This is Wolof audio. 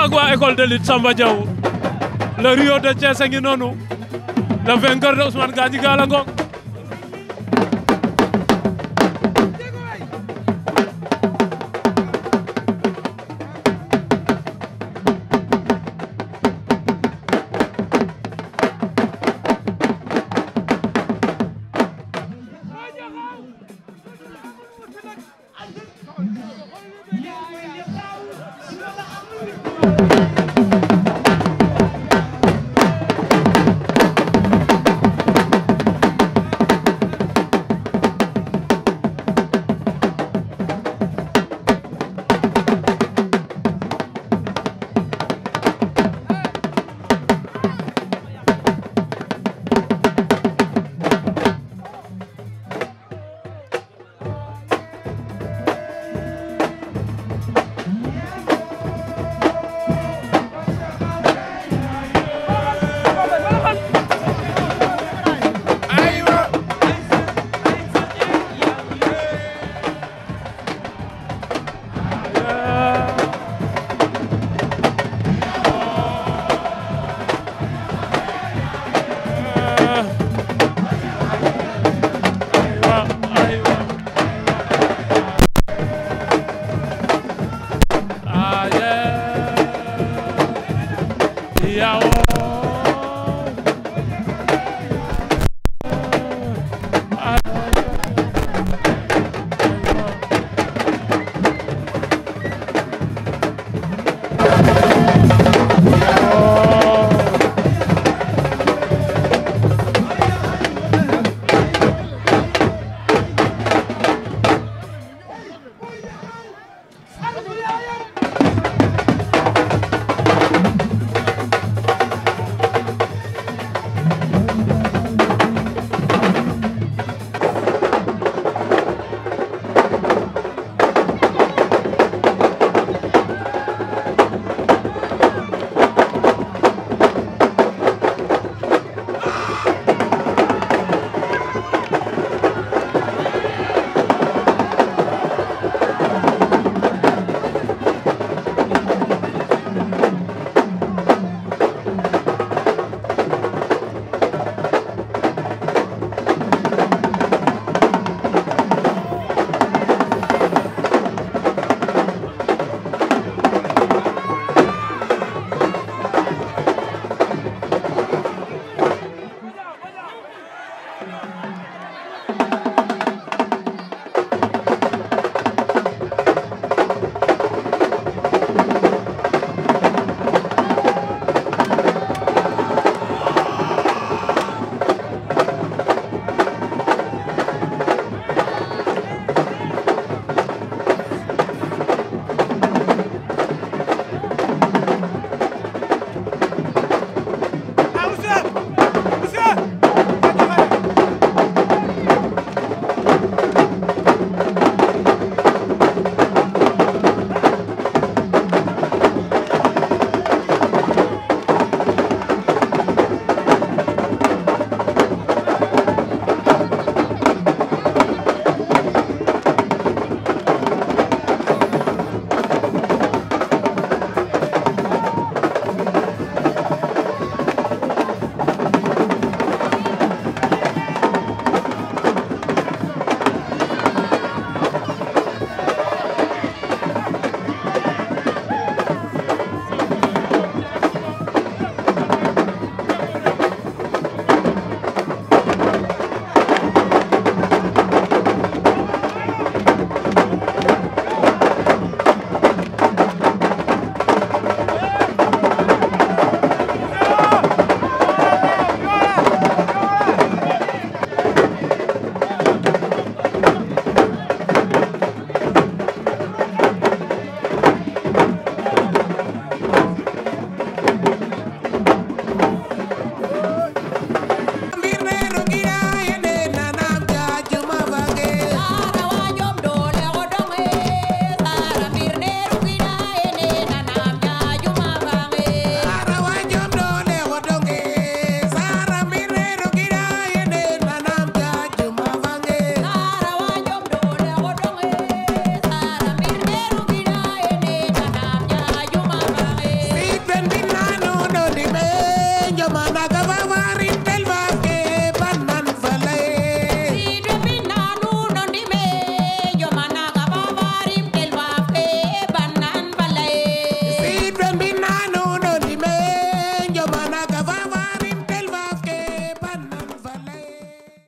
ak waa école de lutte Samba Diaw le Rio de a ngi noonu le vainqueur de Ousmane Gadji Gala Ngom